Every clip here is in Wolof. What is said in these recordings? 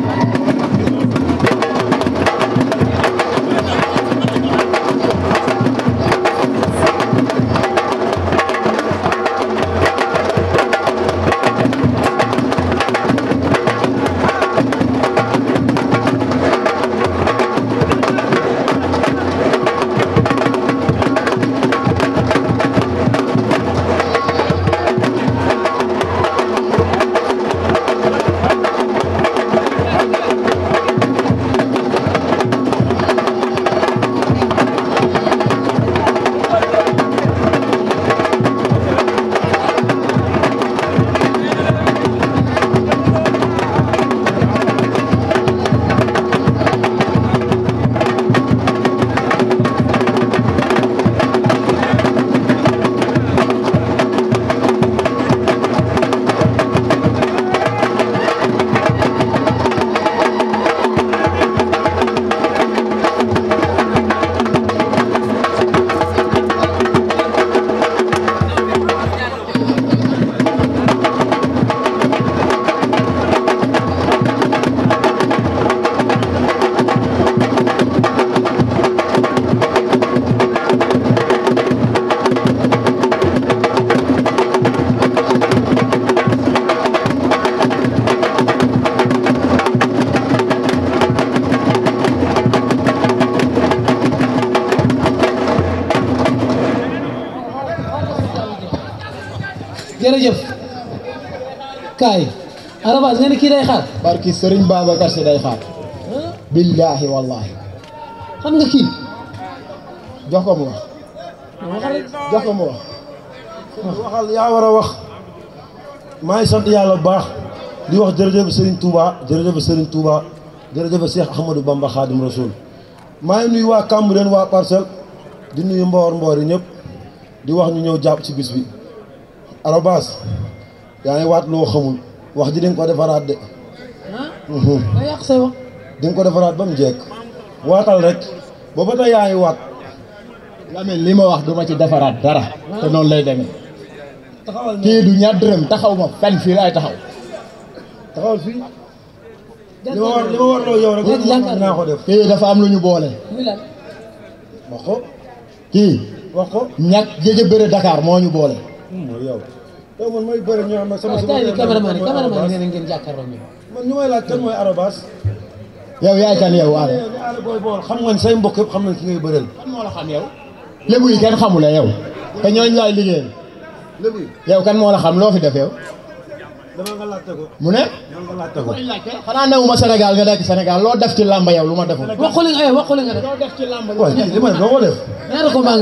Thank you. jërëjëf kaay Arafas nga ne kii day xaar. barki Serigne Babacar Si day xaar. billaahi wallaahi. xam nga kii. jox ko mu wax. jox ko mu wax. waxal yaa war a wax. maa ngi sant yàlla bu baax. di wax jërëjëf Serigne Touba jërëjëf Serigne Touba jërëjëf Cheikh Ahmadou Bamba Khadim Rasoul. maa ngi nuyu waa Cambérène waa Parcelles di nuyu mboor mboor yi ñëpp di wax ñu ñëw jàpp ci bis bi. arobas yaa ngi waat loo xamul wax ji di nga ko defaraat de. nga ko defaraat ba mu jekk. waatal rek ba ba tey yaa ngi waat. Lamine li ma wax duma ci defaraat dara. te noonu lay demee. taxawal kii du ñaar dërëm taxaw ma fenn fii laay taxaw. kii dafa am lu ñu boole. wax ko. kii. wax ko ñàkk moo ñu boole. Hmm. yow man mooy bëri ñoo xam ne sama. sama tey jii cameraman yow yaay kan yow xam nga mbokk xam nañ ki ngay bëreel. kan moo la yow. lébu yi kenn xamul la yow. te ñooñu laay liggéeyal. lébu yi yow kan moo la xam loo fi def yow. dama nga laajte mu ne. dama nga laajte ko xanaa newuma Sénégal nga nekk Sénégal loo def ci làmb yow lu ma deful. waxu li nga eh, waxu li nga def. loo def ma def doo ko def.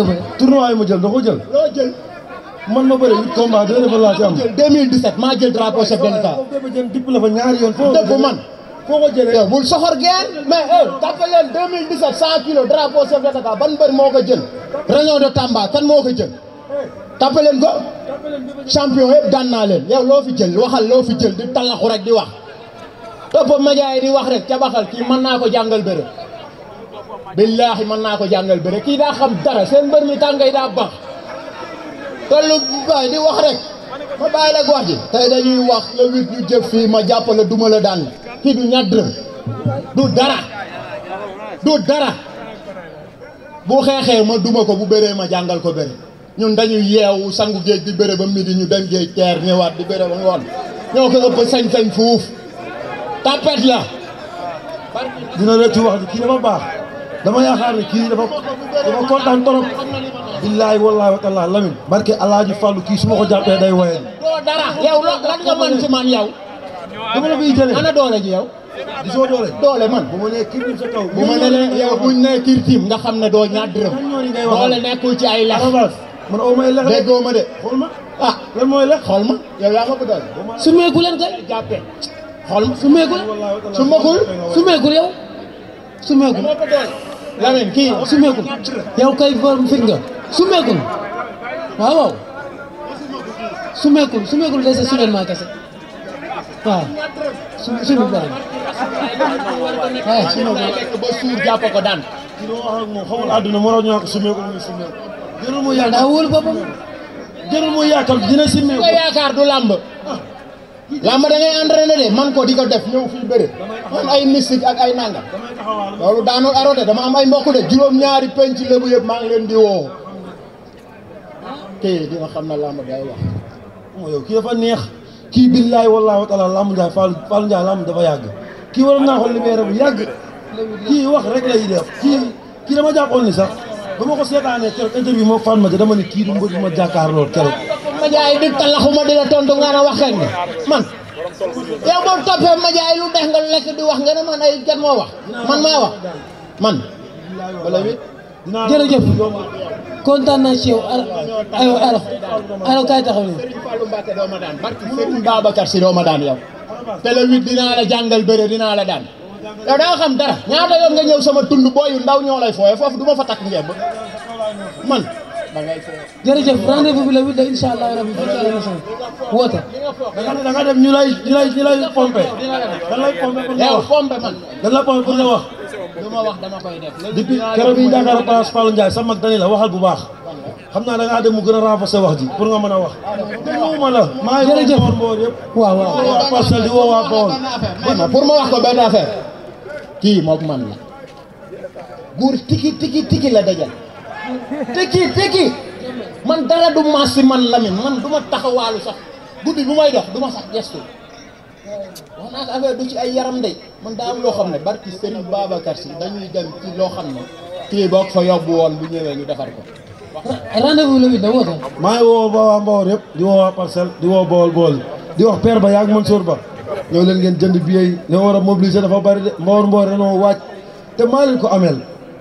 ma jël doo ko jël. loo jël. man maa jël drapeau chef de l'État. dipp la fa ñaari yoon. foo ko man foo ko jëlee. yow bul soxor geen mais eh tapé leen 2017 100 kilos drapeau chef de l'État ban mbër moo ko jël. région de Tamba kan moo ko jël. tapé leen ko. champion yëpp naa leen yow loo fi jël waxal loo fi jël di talaxu rek di wax. topp média yi di wax rek ca kii mën naa ko jàngal bëre. billaahi mën naa ko jàngal bëre kii daa xam dara seen mbër mi tàngay daa baax. tollu baay di wax rek ma bàyyi la wax ji tey dañuy wax le huit ñu jëf fii ma jàppale duma la daan kii du ñadd du dara du dara bu xeexee ma duma ko bu bëree ma jàngal ko bëri ñun dañuy yeewu sangu géej di bëre ba midi ñu dañ géej teer ñëwaat di bëre ba ngoon ñoo ko ëpp sañ-sañ fuuf tapet la dina rëccu wax ji kii dafa baax dama yaakaar ne kii dafa dafa kontaan trop billaay wallaay wa taala Lamine barke alaaji Fallou kii su ma ko jàppee day woyal doo dara yow lan nga mën ci man yow dama la fiy jëlee ana doole ji yow di soo doole doole man bu ma nee kirtim nga xam ne doo ñaar dërëm doole nekkul ci ay lex man aw may lex déggoo ma de xool ma ah lan mooy lex xool ma yow yaa ma ko doole su meeku leen kay su meeku su meekul su meekul yow su meekul Lamine kii su meekul yow kay form fit nga sumeekul waaw waaw sumeekul dese soudainement kese waaw su suñu bëri waaw sumeekul ba suur jàpp ko daan. àdduna mënoo ñu wax sumeekul muy sumeekul. jërul mu yaakaar daa wóolu boppam jërul mu yaakaar dina sumeekul. nga yaakaar du làmb. làmb da ngay entraîné de man ko di ko def ñëw fii bëre man ay mystique ak ay nangam loolu daanul arrêté dama am ay mbokk de juróom-ñaari penc lébu yëpp maa ngi leen di woo. tey di nga xam ne làmb jaay wax moo yow kii dafa neex kii billaay wallaahu taala làmb jaay Fall Fall Ndiaye làmb dafa yàgg kii waroon naa ko libéré bu yàgg kii wax rek lay def kii kii dama jàppoon ni sax ba ma ko seetaanee keroog interview moo fan ma dama ne kii du mbër ma jàkkaarloo keroog ma jaay di talaxuma di la tontu nga ne wax man ma jaay lu dex nga lekk di wax nga ne man ay gat moo wax man maa wax man wala wi jërëjëf kontaan naa ci yow aywa alors alors kay taxaw nii. Serigne Fallou Mbacké doo ma daan barki Serigne Babacar ma daan yow. te le huit dinaa la jàngal bëre dinaa la daan. yow daa xam dara ñaata yoon nga ñëw sama tund booyu ndaw ñoo lay fooye foofu du ma fa takk ngemb man. jërëjëf rendez-vous bi la wut de incha allah rabi fii ci àll woote. da nga dem ñu lay ñu lay ñu lay pompé. dañ lay pompé pour nga wax koy def. depuis keroog yi ñu la waxal bu baax. xam naa da dem mu gën a renforcer wax ji pour nga mën a wax. ma la maa ngi jërëjëf Mbour yëpp. waaw waaw di pour ma wax ko benn affaire kii moom man la buur tiki tiki la dajal tiki tiki man dara du ma si man Lamine man du ma taxawaalu sax guddi bu may dox du ma sax gestu wax naa ko affaire du ci ay yaram de man daa loo xam ne barki Serigne Babacar si dañuy dem ci loo xam ne kii boo ko fa yóbbu woon bu ñëwee ñu defar ko. rendez la da woote maa ngi woo ba waa Mbawar yëpp di woo waa parcelle di woo Bawol Bawol di wax père ba yaag Mansour ba ñëw leen ngeen jënd billet yi ñoo war a mobiliser dafa bari de Mbawar Mbawar dañoo waaj te maa leen ko ameel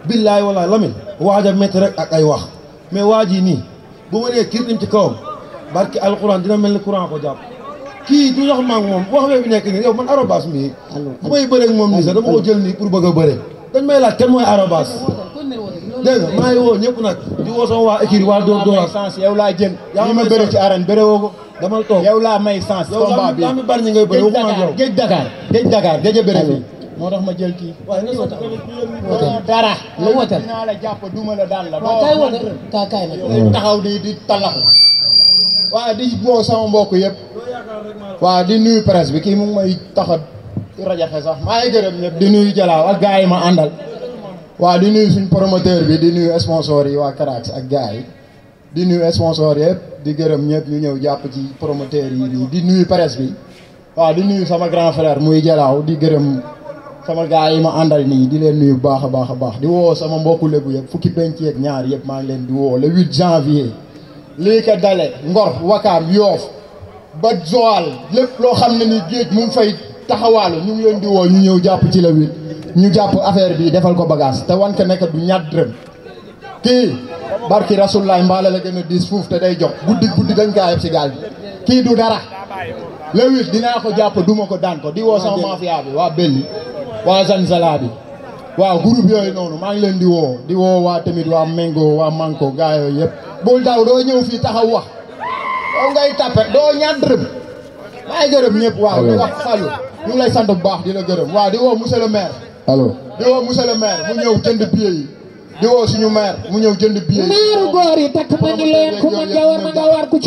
billaay walaay lamin waaj a métti rek ak ay wax mais waaj yi nii bu ma nee kiir nim ci kawam barki alquran dina mel ni courant ko jàpp kii du sax maag moom wax bee bi nekk nii yow man arobas mii bu may bëreeg moom nii sax dama jël nii pour bëgg dañ may laaj kenn dégg nga maa nag di woo sama waa équipe waa Dóor Dóoraat sens yow laa jël li ko damal toog yow laa may sens combat bi mi bari ñi ngay bëri waxuma yow géej Dakar géej moo tax ma jël kii waaye nga sotta dara lu wotal naa la jàpp duma la daan la kaay wotal kaa kaay la taxaw di di talaxu waaw di woo sama mbokk yëpp waaw di nuyu presse bi kii mu ngi may taxa rajaxe sax maa ngi gërëm di nuyu Jalaaw ak gars yi ma àndal waaw di nuyu suñ promoteur bi di nuyu sponsor yi waa Carax ak gars di nuyu sponsor yëpp di gërëm ñëpp ñu ñëw jàpp ci promoteur yi di nuyu presse bi waaw di nuyu sama grand frère muy Jalaaw di gërëm sama gars yi ma àndal nii di leen nuyu baax a baax a baax di woo sama mbokku lébu yëpp fukki penc yeeg ñaar yëpp maa ngi leen di woo le 8 janvier lii ka dale Ngor Wakaam Yoof ba Joal lépp loo xam ne ni géej mu ngi fay taxawaalu ñu ngi leen di woo ñu ñëw jàpp ci la 8 ñu jàpp affaire bii defal ko bagage te wan ko nekk du ñaat dërëm kii barki rasulaay mbaale la gën a diis fuuf te day jox guddi guddi dañ kaa yëpp si gaal bi kii du dara le huit ko jàpp duma ko daan ko di woo sama mafia bi waa Belli waa Zanzala bi waaw groupe yooyu noonu maa ngi leen di woo di woo waa tamit waa Mengo waa Manko gaa yooyu yëpp bul daw doo ñëw fii taxaw wax doo ngay tappe doo ñaat dërëm maa gërëm ñëpp waaw di lay sant bu baax di la gërëm waaw di allo di woo monsieur le mu ñëw jënd billet yi di woo suñu maire mu ñëw jënd billet yi. maire takk ma ñu leen ku ma jawar ma nga ku ci